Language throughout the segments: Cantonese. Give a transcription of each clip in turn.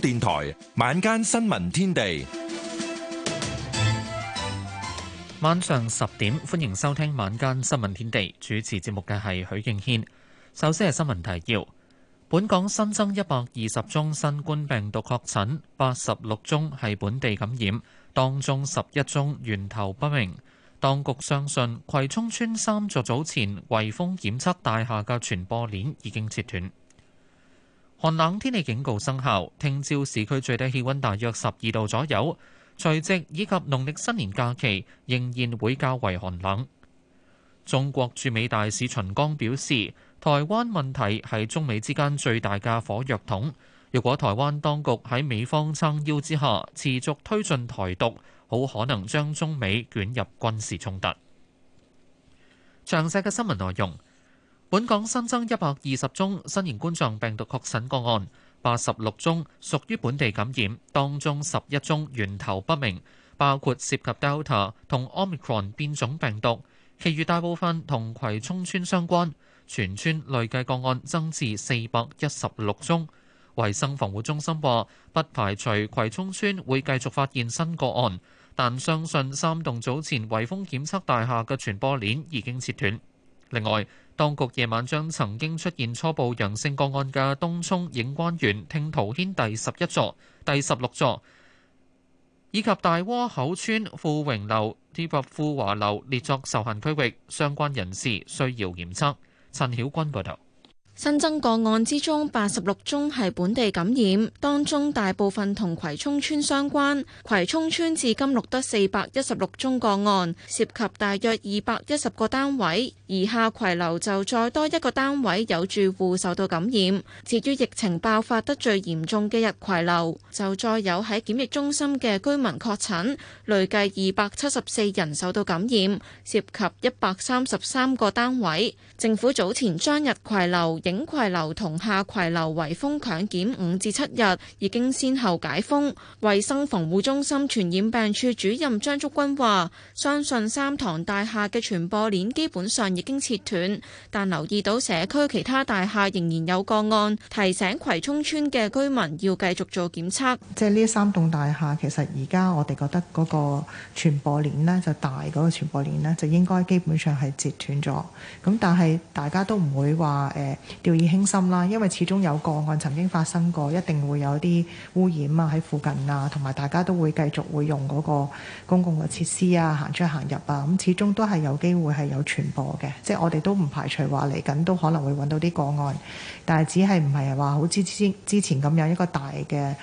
電台晚間新聞天地，晚上十點歡迎收聽晚間新聞天地。主持節目嘅係許敬軒。首先係新聞提要：本港新增一百二十宗新冠病毒確診，八十六宗係本地感染，當中十一宗源頭不明。當局相信葵涌村三座早前圍封檢測大廈嘅傳播鏈已經切斷。寒冷天氣警告生效，聽朝市區最低氣温大約十二度左右，除夕以及農曆新年假期仍然會較為寒冷。中國駐美大使秦剛表示，台灣問題係中美之間最大嘅火藥桶。如果台灣當局喺美方撐腰之下持續推進台獨，好可能將中美捲入軍事衝突。詳細嘅新聞內容。本港新增一百二十宗新型冠狀病毒確診個案，八十六宗屬於本地感染，當中十一宗源頭不明，包括涉及 Delta 同 Omicron 變種病毒，其餘大部分同葵涌邨相關，全村累計個案增至四百一十六宗。衛生防護中心話，不排除葵涌邨會繼續發現新個案，但相信三棟早前圍封檢測大廈嘅傳播鏈已經切斷。另外，當局夜晚將曾經出現初步陽性個案嘅東涌映灣園聽濤軒第十一座、第十六座，以及大窩口村富榮樓及富華樓列作受限區域，相關人士需要檢測。陳曉君報道。新增個案之中，八十六宗係本地感染，當中大部分同葵涌村相關，葵涌村至今錄得四百一十六宗個案，涉及大約二百一十個單位。而下葵樓就再多一個單位有住戶受到感染。至於疫情爆發得最嚴重嘅日葵樓，就再有喺檢疫中心嘅居民確診，累計二百七十四人受到感染，涉及一百三十三個單位。政府早前將日葵樓映葵樓同夏葵樓圍封強檢五至七日，已經先後解封。衛生防護中心傳染病處主任張竹君話：，相信三幢大廈嘅傳播鏈基本上已經切斷，但留意到社區其他大廈仍然有個案，提醒葵涌邨嘅居民要繼續做檢測。即係呢三棟大廈，其實而家我哋覺得嗰個傳播鏈呢，就大嗰個傳播鏈呢，就應該基本上係截斷咗。咁但係大家都唔會話誒。呃掉以輕心啦，因為始終有個案曾經發生過，一定會有啲污染啊喺附近啊，同埋大家都會繼續會用嗰個公共嘅設施啊，行出行入啊，咁、嗯、始終都係有機會係有傳播嘅，即係我哋都唔排除話嚟緊都可能會揾到啲個案，但係只係唔係話好似之之前咁樣一個大嘅。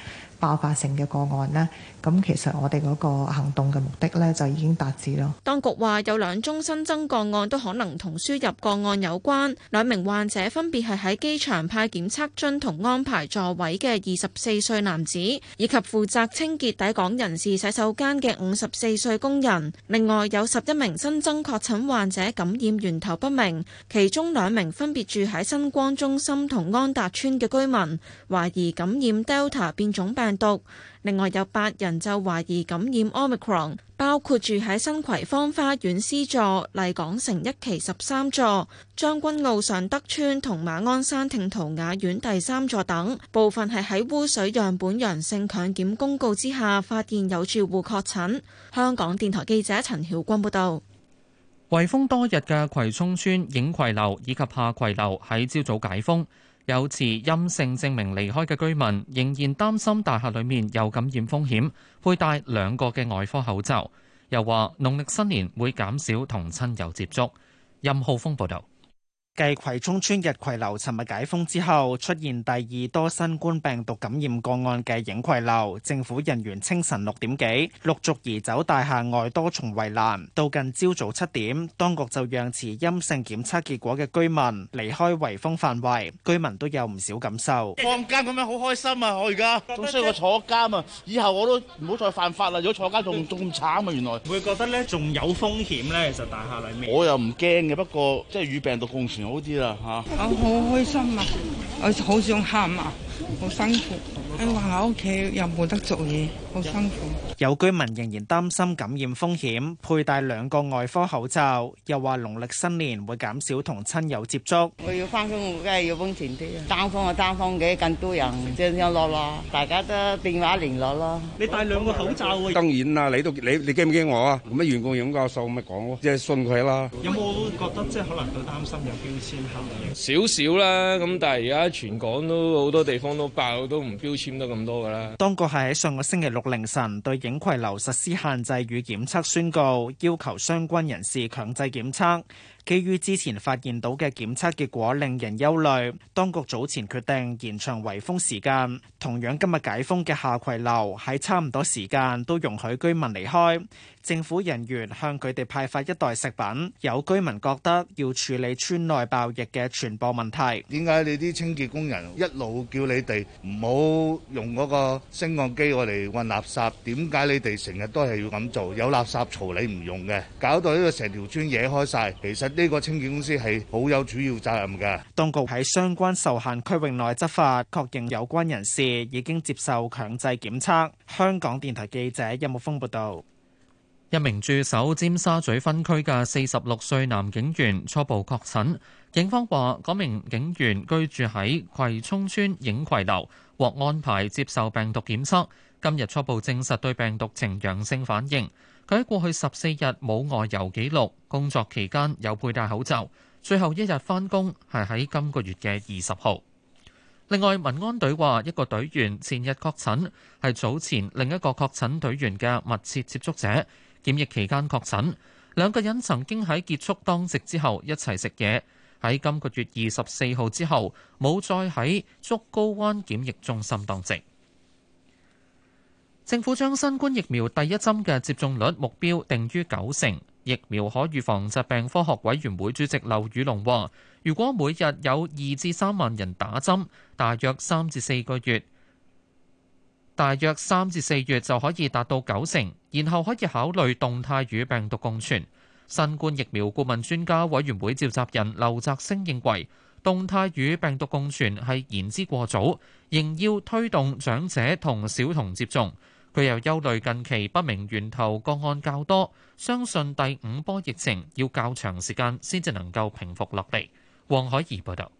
爆發性嘅個案咧，咁其實我哋嗰個行動嘅目的呢，就已經達至咯。當局話有兩宗新增個案都可能同輸入個案有關，兩名患者分別係喺機場派檢測樽同安排座位嘅二十四歲男子，以及負責清潔抵港人士洗手間嘅五十四歲工人。另外有十一名新增確診患者感染源頭不明，其中兩名分別住喺新光中心同安達邨嘅居民，懷疑感染 Delta 變種病毒，另外有八人就懷疑感染 Omicron，包括住喺新葵芳花園 C 座、麗港城一期十三座、將軍澳尚德邨同馬鞍山聽濤雅苑第三座等，部分係喺污水樣本陽性強檢公告之下發現有住戶確診。香港電台記者陳曉君報道，圍封多日嘅葵涌邨映葵樓以及夏葵樓喺朝早解封。有持陰性證明離開嘅居民仍然擔心大廈裏面有感染風險，佩戴兩個嘅外科口罩，又話農曆新年會減少同親友接觸，任浩峰報道。繼葵涌村日葵樓尋日解封之後，出現第二多新冠病毒感染個案嘅影葵樓，政府人員清晨六點幾陸續移走大廈外多重圍欄，到近朝早七點，當局就讓持陰性檢測結果嘅居民離開圍封範圍。居民都有唔少感受。放監咁樣好開心啊！我而家，仲衰過坐監啊！以後我都唔好再犯法啦，如果坐監仲仲咁慘啊！原來會覺得呢仲有風險呢，其實大廈裏面，我又唔驚嘅，不過即係與病毒共存。好啲啦吓！我好開心啊！我好想喊啊！好辛苦。佢話喺屋企又冇得做嘢，好辛苦。有居民仍然擔心感染風險，佩戴兩個外科口罩。又話農曆新年會減少同親友接觸。我要翻工，我梗係要封前啲。單方就單方嘅，更多人即係一落落，大家都電話聯絡咯。你戴兩個口罩喎？當然啦，你都你你驚唔驚我啊？咁啊，袁國勇教授咁咪講咯，即係信佢啦。有冇覺得即係可能佢擔心有標籤客？少少啦，咁但係而家全港都好多地方都爆，都唔標籤。當局係喺上個星期六凌晨對影葵樓實施限制與檢測宣告，要求相關人士強制檢測。基於之前發現到嘅檢測結果令人憂慮，當局早前決定延長圍封時間，同樣今日解封嘅下葵樓喺差唔多時間都容許居民離開，政府人員向佢哋派發一袋食品。有居民覺得要處理村內爆疫嘅傳播問題，點解你啲清潔工人一路叫你哋唔好用嗰個升降機我嚟運垃圾？點解你哋成日都係要咁做？有垃圾槽你唔用嘅，搞到呢個成條村嘢開晒其實。呢個清潔公司係好有主要責任嘅。當局喺相關受限區域內執法，確認有關人士已經接受強制檢測。香港電台記者任木峰報導，一名駐守尖沙咀分區嘅四十六歲男警員初步確診，警方話嗰名警員居住喺葵涌村影葵樓，獲安排接受病毒檢測。今日初步證實對病毒呈陽性反應。佢喺過去十四日冇外遊記錄，工作期間有佩戴口罩。最後一日返工係喺今個月嘅二十號。另外，民安隊話，一個隊員前日確診，係早前另一個確診隊員嘅密切接觸者，檢疫期間確診。兩個人曾經喺結束當值之後一齊食嘢。喺今個月二十四號之後冇再喺竹篙灣檢疫中心當值。政府將新冠疫苗第一針嘅接種率目標定於九成，疫苗可預防疾病科學委員會主席劉宇龍話，如果每日有二至三萬人打針，大約三至四個月，大約三至四月就可以達到九成，然後可以考慮動態與病毒共存。新冠疫苗顧問專家委員會召集人劉澤星認為，動態與病毒共存係言之過早，仍要推動長者同小童接種。佢又憂慮近期不明源頭個案較多，相信第五波疫情要較長時間先至能夠平復落嚟。黃海怡報道，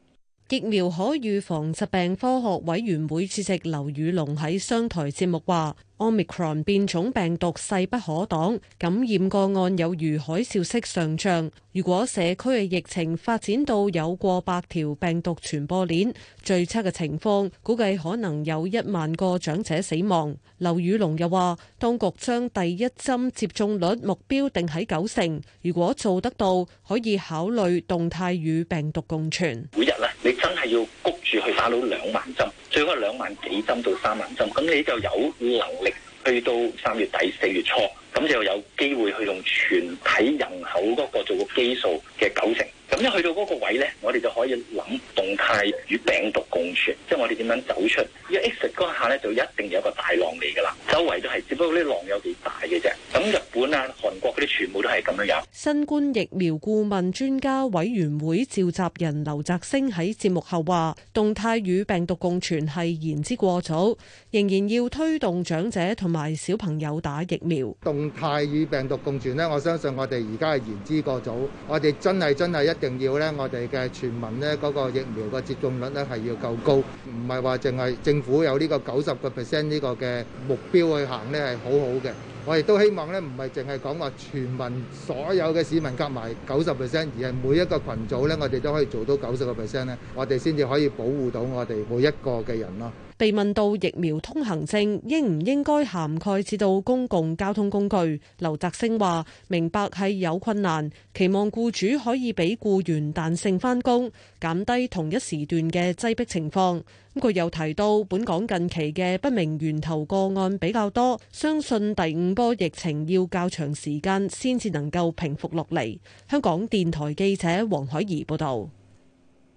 疫苗可預防疾病科學委員會主席劉宇龍喺商台節目話。Omicron 變種病毒勢不可擋，感染個案有如海嘯式上漲。如果社區嘅疫情發展到有過百條病毒傳播鏈，最差嘅情況估計可能有一萬個長者死亡。劉宇龍又話，當局將第一針接種率目標定喺九成，如果做得到，可以考慮動態與病毒共存。每日你真係要谷住去打到兩萬針。最好係兩萬幾針到三萬針，咁你就有能力去到三月底、四月初，咁就有機會去用全體人口嗰個做個基數嘅九成。咁一去到嗰個位咧，我哋就可以諗動態與病毒共存，即係我哋點樣走出。而 exits 嗰下咧，就一定有一個大浪嚟噶啦，周圍都係，只不過啲浪有幾大嘅啫。咁日本啊、韓國嗰啲全部都係咁樣有。新冠疫苗顧問專家委員會召集人劉澤星喺節目後話，動態與病毒共存係言之過早，仍然要推動長者同埋小朋友打疫苗。動態與病毒共存咧，我相信我哋而家係言之過早，我哋真係真係一。一定要咧，我哋嘅全民咧嗰個疫苗個接種率咧係要夠高，唔係話淨係政府有呢個九十、這個 percent 呢個嘅目標去行咧係好好嘅。我亦都希望咧，唔係淨係講話全民所有嘅市民夾埋九十 percent，而係每一個群組咧，我哋都可以做到九十個 percent 咧，我哋先至可以保護到我哋每一個嘅人咯。被問到疫苗通行證應唔應該涵蓋至到公共交通工具，劉澤星話：明白係有困難，期望僱主可以俾僱員彈性返工，減低同一時段嘅擠逼情況。咁佢又提到，本港近期嘅不明源頭個案比較多，相信第五波疫情要較長時間先至能夠平復落嚟。香港電台記者黃海怡報道。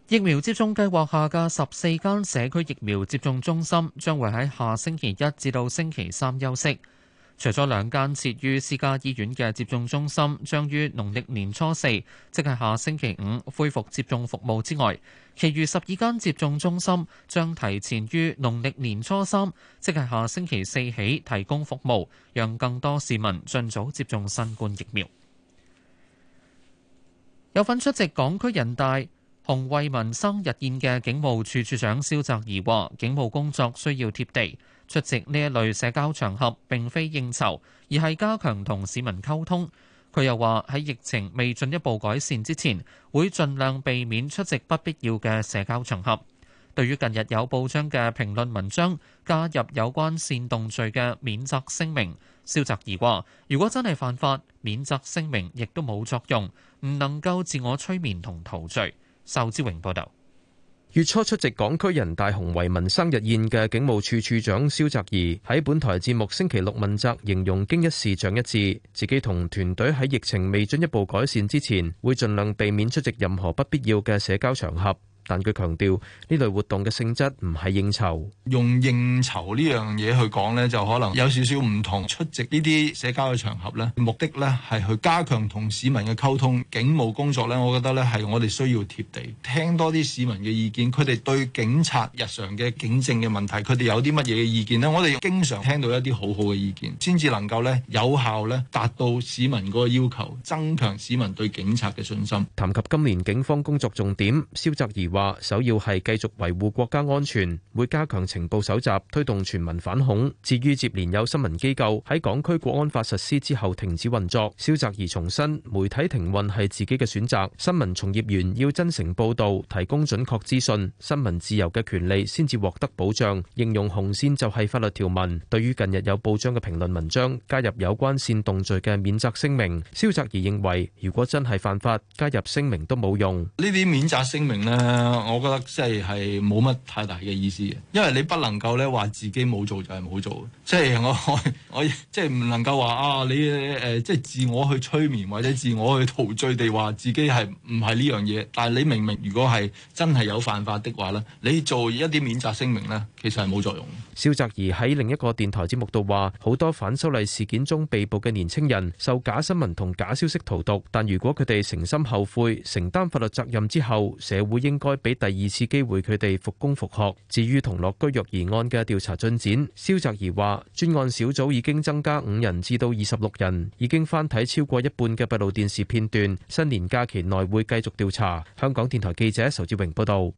疫苗接種計劃下嘅十四間社區疫苗接種中心，將會喺下星期一至到星期三休息。除咗兩間設於私家醫院嘅接種中心，將於農曆年初四，即係下星期五恢復接種服務之外，其餘十二間接種中心將提前於農曆年初三，即係下星期四起提供服務，讓更多市民盡早接種新冠疫苗。有份出席港區人大洪為民生日宴嘅警務處處長蕭澤頤話，警務工作需要貼地出席呢一類社交場合，並非應酬，而係加強同市民溝通。佢又話：喺疫情未進一步改善之前，會盡量避免出席不必要嘅社交場合。對於近日有報章嘅評論文章加入有關煽動罪嘅免責聲明，蕭澤頤話，如果真係犯法，免責聲明亦都冇作用，唔能夠自我催眠同陶醉。仇志榮報道，月初出席港區人大洪為民生日宴嘅警務處處長蕭澤頤喺本台節目星期六問責，形容經一事長一智，自己同團隊喺疫情未進一步改善之前，會盡量避免出席任何不必要嘅社交場合。但佢強調呢類活動嘅性質唔係應酬，用應酬呢樣嘢去講呢，就可能有少少唔同。出席呢啲社交嘅場合咧，目的呢係去加強同市民嘅溝通。警務工作呢，我覺得呢係我哋需要貼地，聽多啲市民嘅意見。佢哋對警察日常嘅警政嘅問題，佢哋有啲乜嘢嘅意見呢？我哋經常聽到一啲好好嘅意見，先至能夠呢，有效呢達到市民嗰個要求，增強市民對警察嘅信心。談及今年警方工作重點，蕭澤頤。話首要係繼續維護國家安全，會加強情報搜集，推動全民反恐。至於接連有新聞機構喺港區國安法實施之後停止運作，蕭澤頤重申媒體停運係自己嘅選擇。新聞從業員要真誠報道，提供準確資訊，新聞自由嘅權利先至獲得保障。應用紅線就係法律條文。對於近日有報章嘅評論文章加入有關煽動罪嘅免責聲明，蕭澤頤認為如果真係犯法，加入聲明都冇用。呢啲免責聲明呢，我覺得即係冇乜太大嘅意思嘅，因為你不能夠咧話自己冇做就係冇做，即係我我，我即係唔能夠話啊，你誒、呃、即係自我去催眠或者自我去陶醉地話自己係唔係呢樣嘢，但係你明明如果係真係有犯法的話呢，你做一啲免責聲明呢，其實係冇作用。蕭澤怡喺另一個電台節目度話，好多反修例事件中被捕嘅年青人受假新聞同假消息荼毒，但如果佢哋誠心後悔、承擔法律責任之後，社會應該俾第二次機會佢哋復工復學。至於童樂居虐兒案嘅調查進展，蕭澤頤話專案小組已經增加五人至到二十六人，已經翻睇超過一半嘅閉路電視片段，新年假期內會繼續調查。香港電台記者仇志榮報道。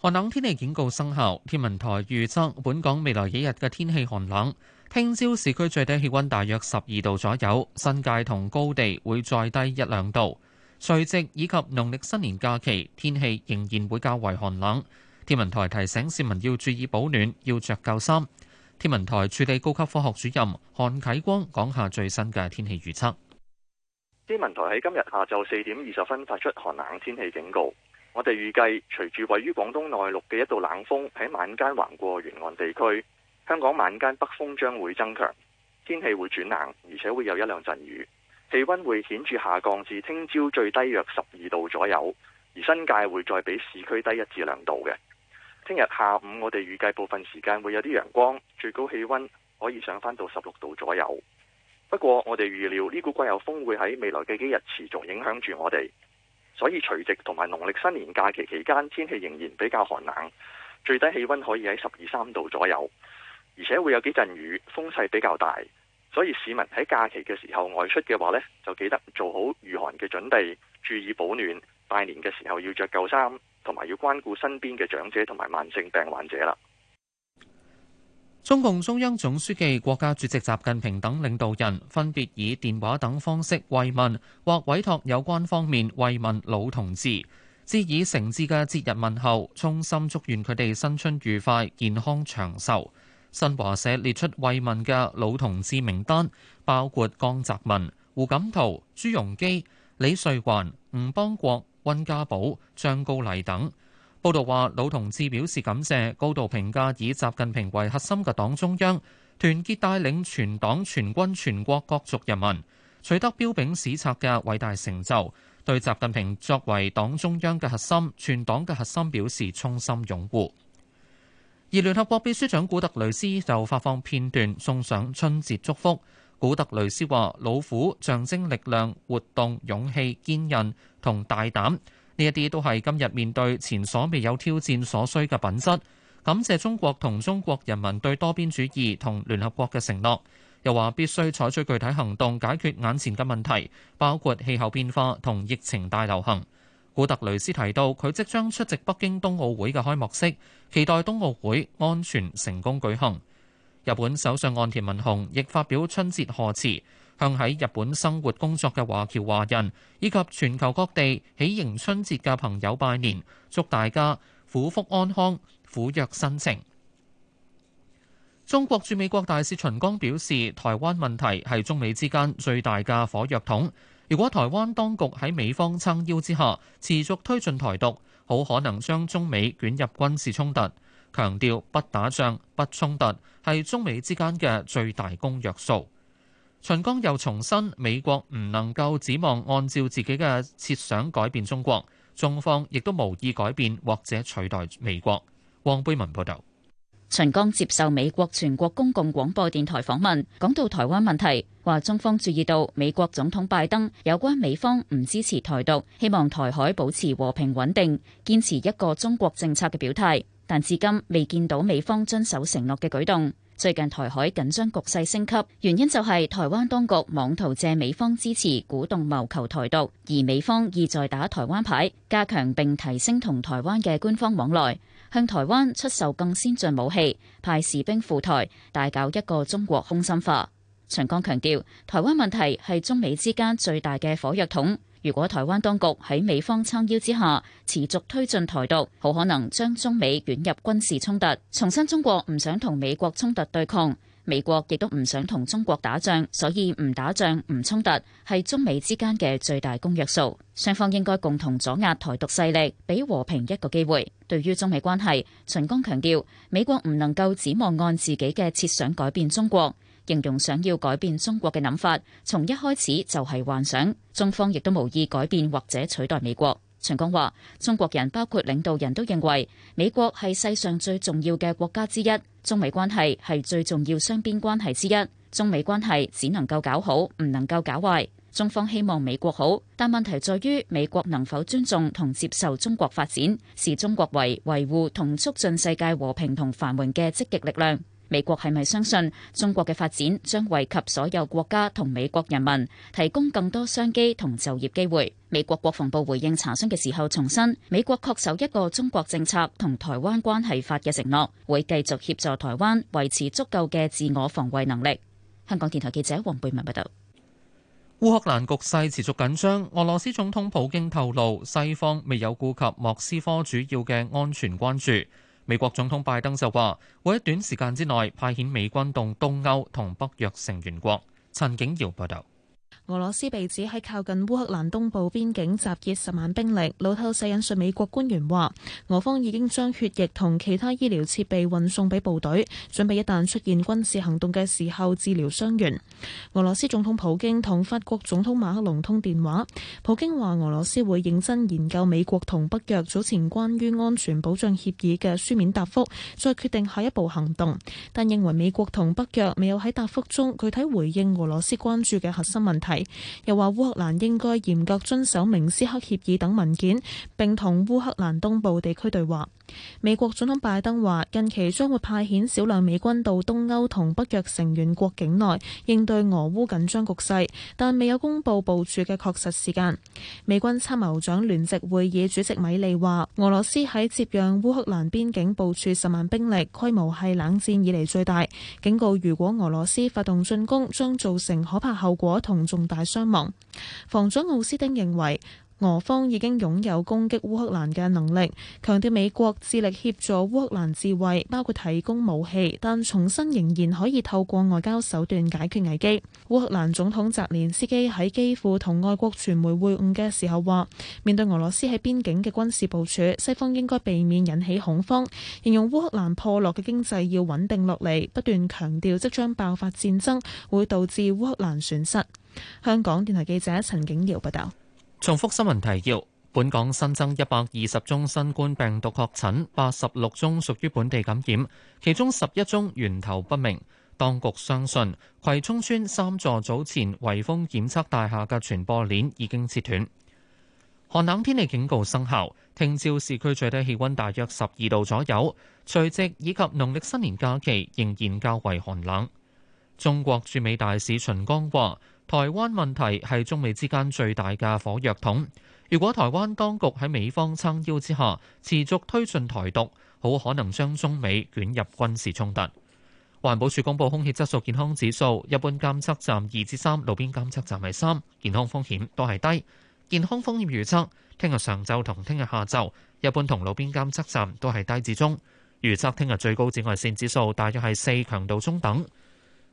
寒冷天氣警告生效，天文台預測本港未來幾日嘅天氣寒冷。聽朝市區最低氣温大約十二度左右，新界同高地會再低一兩度。除夕以及農曆新年假期天氣仍然會較為寒冷。天文台提醒市民要注意保暖，要着夠衫。天文台助理高級科學主任韓啟光講下最新嘅天氣預測。天文台喺今日下晝四點二十分發出寒冷天氣警告。我哋預計，隨住位於廣東內陸嘅一道冷鋒喺晚間橫過沿岸地區，香港晚間北風將會增強，天氣會轉冷，而且會有一兩陣雨，氣溫會顯著下降至聽朝最低約十二度左右，而新界會再比市區低一至兩度嘅。聽日下午，我哋預計部分時間會有啲陽光，最高氣溫可以上返到十六度左右。不過，我哋預料呢股季候風會喺未來嘅幾日持續影響住我哋。所以除夕同埋農曆新年假期期間，天氣仍然比較寒冷，最低氣溫可以喺十二三度左右，而且會有幾陣雨，風勢比較大。所以市民喺假期嘅時候外出嘅話咧，就記得做好御寒嘅準備，注意保暖。拜年嘅時候要着舊衫，同埋要關顧身邊嘅長者同埋慢性病患者啦。中共中央總書記、國家主席習近平等領導人分別以電話等方式慰問，或委託有關方面慰問老同志，致以誠摯嘅節日問候，衷心祝願佢哋新春愉快、健康長壽。新華社列出慰問嘅老同志名單，包括江澤民、胡錦濤、朱鎔基、李瑞環、吳邦國、溫家寶、張高麗等。報道話，老同志表示感謝，高度評價以習近平為核心嘅黨中央，團結帶領全黨全軍全國各族人民取得彪炳史冊嘅偉大成就，對習近平作為黨中央嘅核心、全黨嘅核心表示衷心擁護。而聯合國秘書長古特雷斯就發放片段送上春節祝福。古特雷斯話：老虎象徵力量、活動、勇氣、堅韌同大膽。呢一啲都係今日面對前所未有挑戰所需嘅品質。感謝中國同中國人民對多邊主義同聯合國嘅承諾，又話必須採取具體行動解決眼前嘅問題，包括氣候變化同疫情大流行。古特雷斯提到，佢即將出席北京冬奧會嘅開幕式，期待冬奧會安全成功舉行。日本首相岸田文雄亦發表春節賀詞。向喺日本生活工作嘅華僑華人，以及全球各地喜迎春節嘅朋友拜年，祝大家虎福安康、虎躍生情。中國駐美國大使秦剛表示，台灣問題係中美之間最大嘅火藥桶。如果台灣當局喺美方撐腰之下持續推進台獨，好可能將中美捲入軍事衝突。強調不打仗、不衝突係中美之間嘅最大公約數。秦剛又重申，美國唔能夠指望按照自己嘅設想改變中國，中方亦都無意改變或者取代美國，汪貝文報道。秦剛接受美國全國公共廣播電台訪問，講到台灣問題，話中方注意到美國總統拜登有關美方唔支持台獨，希望台海保持和平穩定，堅持一個中國政策嘅表態，但至今未見到美方遵守承諾嘅舉動。最近台海緊張局勢升級，原因就係台灣當局妄圖借美方支持鼓動謀求台獨，而美方意在打台灣牌，加強並提升同台灣嘅官方往來，向台灣出售更先進武器，派士兵赴台，大搞一個中國空心化。秦剛強調，台灣問題係中美之間最大嘅火藥桶。如果台灣當局喺美方撐腰之下持續推進台獨，好可能將中美捲入軍事衝突。重申中國唔想同美國衝突對抗，美國亦都唔想同中國打仗，所以唔打仗、唔衝突係中美之間嘅最大公約數。雙方應該共同阻壓台獨勢力，俾和平一個機會。對於中美關係，秦剛強調，美國唔能夠指望按自己嘅設想改變中國。形容想要改變中國嘅諗法，從一開始就係幻想。中方亦都無意改變或者取代美國。秦剛話：中國人包括領導人都認為美國係世上最重要嘅國家之一，中美關係係最重要雙邊關係之一。中美關係只能夠搞好，唔能夠搞壞。中方希望美國好，但問題在於美國能否尊重同接受中國發展，視中國為維護同促進世界和平同繁榮嘅積極力量。美國係咪相信中國嘅發展將惠及所有國家同美國人民，提供更多商機同就業機會？美國國防部回應查詢嘅時候重申，美國恪守一個中國政策同台灣關係法嘅承諾，會繼續協助台灣維持足夠嘅自我防衛能力。香港電台記者黃貝文報道。烏克蘭局勢持續緊張，俄羅斯總統普京透露，西方未有顧及莫斯科主要嘅安全關注。美國總統拜登就話會喺短時間之內派遣美軍動東歐同北約成員國。陳景瑤報道。俄羅斯被指喺靠近烏克蘭東部邊境集結十萬兵力。路透社引述美國官員話，俄方已經將血液同其他醫療設備運送俾部隊，準備一旦出現軍事行動嘅時候治療傷員。俄羅斯總統普京同法國總統馬克龍通電話，普京話俄羅斯會認真研究美國同北約早前關於安全保障協議嘅書面答覆再決定下一步行動。但認為美國同北約未有喺答覆中具體回應俄羅斯關注嘅核心問題，又話烏克蘭應該嚴格遵守明斯克協議等文件，並同烏克蘭東部地區對話。美國總統拜登話，近期將會派遣少量美軍到東歐同北約成員國境內應對俄烏緊張局勢，但未有公布部署嘅確實時間。美軍參謀長聯席會議主席米利話，俄羅斯喺接壤烏克蘭邊境部署十萬兵力，規模係冷戰以嚟最大，警告如果俄羅斯發動進攻，將造成可怕後果同重大傷亡。防長奧斯丁認為，俄方已經擁有攻擊烏克蘭嘅能力，強調美國致力協助烏克蘭自衛，包括提供武器，但重申仍然可以透過外交手段解決危機。烏克蘭總統澤連斯基喺機庫同外國傳媒會晤嘅時候話：面對俄羅斯喺邊境嘅軍事部署，西方應該避免引起恐慌，形容烏克蘭破落嘅經濟要穩定落嚟，不斷強調即將爆發戰爭會導致烏克蘭損失。香港電台記者陳景瑤報道。重複新聞提要：本港新增一百二十宗新冠病毒確診，八十六宗屬於本地感染，其中十一宗源頭不明。當局相信葵涌村三座早前圍封檢測大廈嘅傳播鏈已經切斷。寒冷天氣警告生效，聽朝市區最低氣温大約十二度左右。除夕以及農曆新年假期仍然較為寒冷。中國駐美大使秦剛話。台灣問題係中美之間最大嘅火藥桶。如果台灣當局喺美方撐腰之下持續推進台獨，好可能將中美捲入軍事衝突。環保署公布空氣質素健康指數，一般監測站二至三，路邊監測站係三，健康風險都係低。健康風險預測，聽日上晝同聽日下晝，一般同路邊監測站都係低至中。預測聽日最高紫外線指數大約係四，強度中等。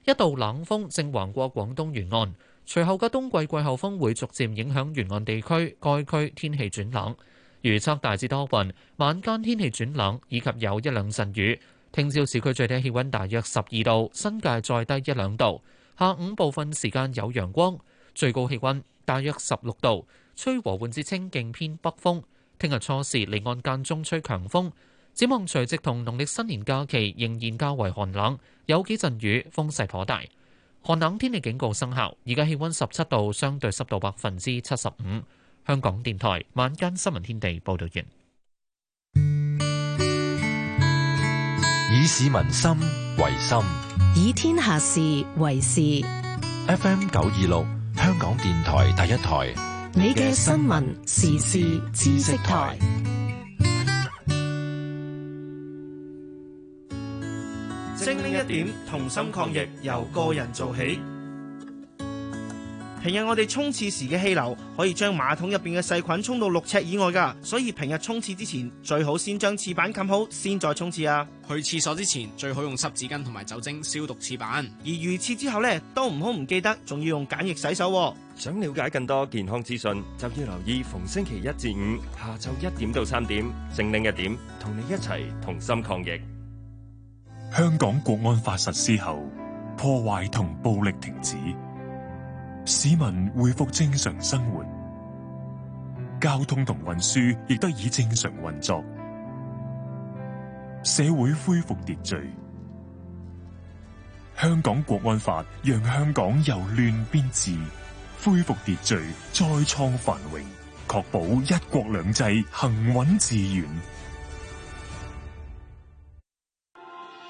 一度冷風正橫過廣東沿岸，隨後嘅冬季季候風會逐漸影響沿岸地區，該區天氣轉冷，預測大致多雲，晚間天氣轉冷以及有一兩陣雨。聽朝市區最低氣温大約十二度，新界再低一兩度。下午部分時間有陽光，最高氣温大約十六度，吹和緩至清勁偏北風。聽日初時離岸間中吹強風。展望除夕同農曆新年假期，仍然較為寒冷，有幾陣雨，風勢頗大。寒冷天氣警告生效，而家氣温十七度，相對濕度百分之七十五。香港電台晚間新聞天地報道完。以市民心為心，以天下事為事。FM 九二六，香港電台第一台，你嘅新聞時事知識台。點同心抗疫，由個人做起。平日我哋沖廁時嘅氣流可以將馬桶入邊嘅細菌沖到六尺以外噶，所以平日沖廁之前最好先將廁板冚好，先再沖廁啊。去廁所之前最好用濕紙巾同埋酒精消毒廁板，而如廁之後呢都唔好唔記得，仲要用梘液洗手啊。想了解更多健康資訊，就要留意逢星期一至五下晝一點到三點，精靈一點，同你一齊同心抗疫。香港國安法實施後，破壞同暴力停止，市民回復正常生活，交通同運輸亦得以正常運作，社會恢復秩序。香港國安法讓香港由亂變治，恢復秩序，再創繁榮，確保一國兩制行穩致遠。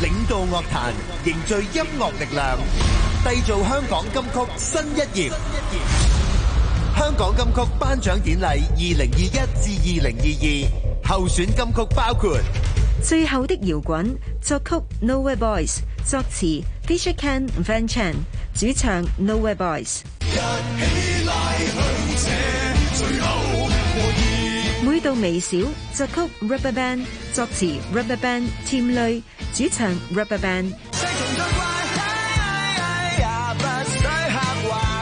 領導樂壇，凝聚音樂力量，締造香港金曲新一頁。香港金曲頒獎典禮2021至2022候選金曲包括《最後的搖滾》，作曲 Nowhere Boys，作詞 Disha Ken Van Chan，主唱 Nowhere Boys。 到微小，作曲 Rubberband，作詞 Rubberband，添淚，主唱 Rubberband。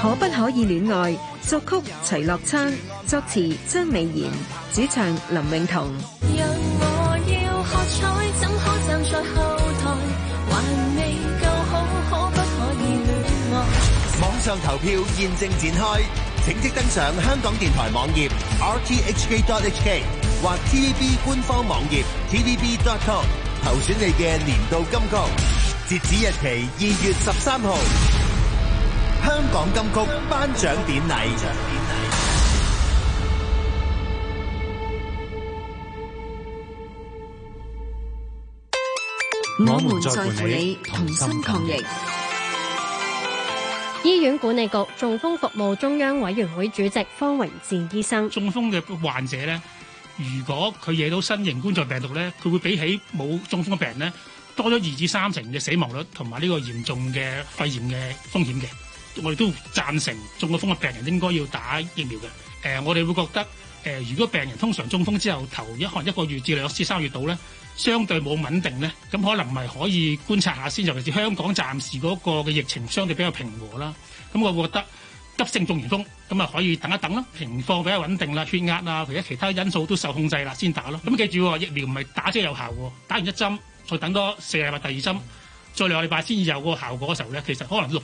可不可以戀愛？哦哦、作曲齊樂昌，作詞張美妍，主唱林永彤。若我要喝彩，怎可可可站在後台？未夠好，好不可以戀愛。網上投票現正展開，請即登上香港電台網頁。rthk.hk 或 TVB 官方網頁 tvb.com 投選你嘅年度金曲，截止日期二月十三號。香港金曲頒獎典禮，我們在乎你，同心抗疫。醫院管理局中風服務中央委員會主席方榮志醫生：中風嘅患者咧，如果佢惹到新型冠狀病毒咧，佢會比起冇中風嘅病人咧多咗二至三成嘅死亡率同埋呢個嚴重嘅肺炎嘅風險嘅。我哋都贊成中咗風嘅病人應該要打疫苗嘅。誒、呃，我哋會覺得。誒，如果病人通常中風之後頭一韓一個月至兩至三月度咧，相對冇穩定咧，咁可能唔係可以觀察下先。尤其是香港暫時嗰個嘅疫情相對比較平和啦，咁我覺得急性中完風，咁啊可以等一等啦，情況比較穩定啦，血壓啊或者其他因素都受控制啦，先打咯。咁記住，疫苗唔係打即有效嘅，打完一針再等多四禮拜，第二針，再兩個禮拜先有個效果嘅時候咧，其實可能就。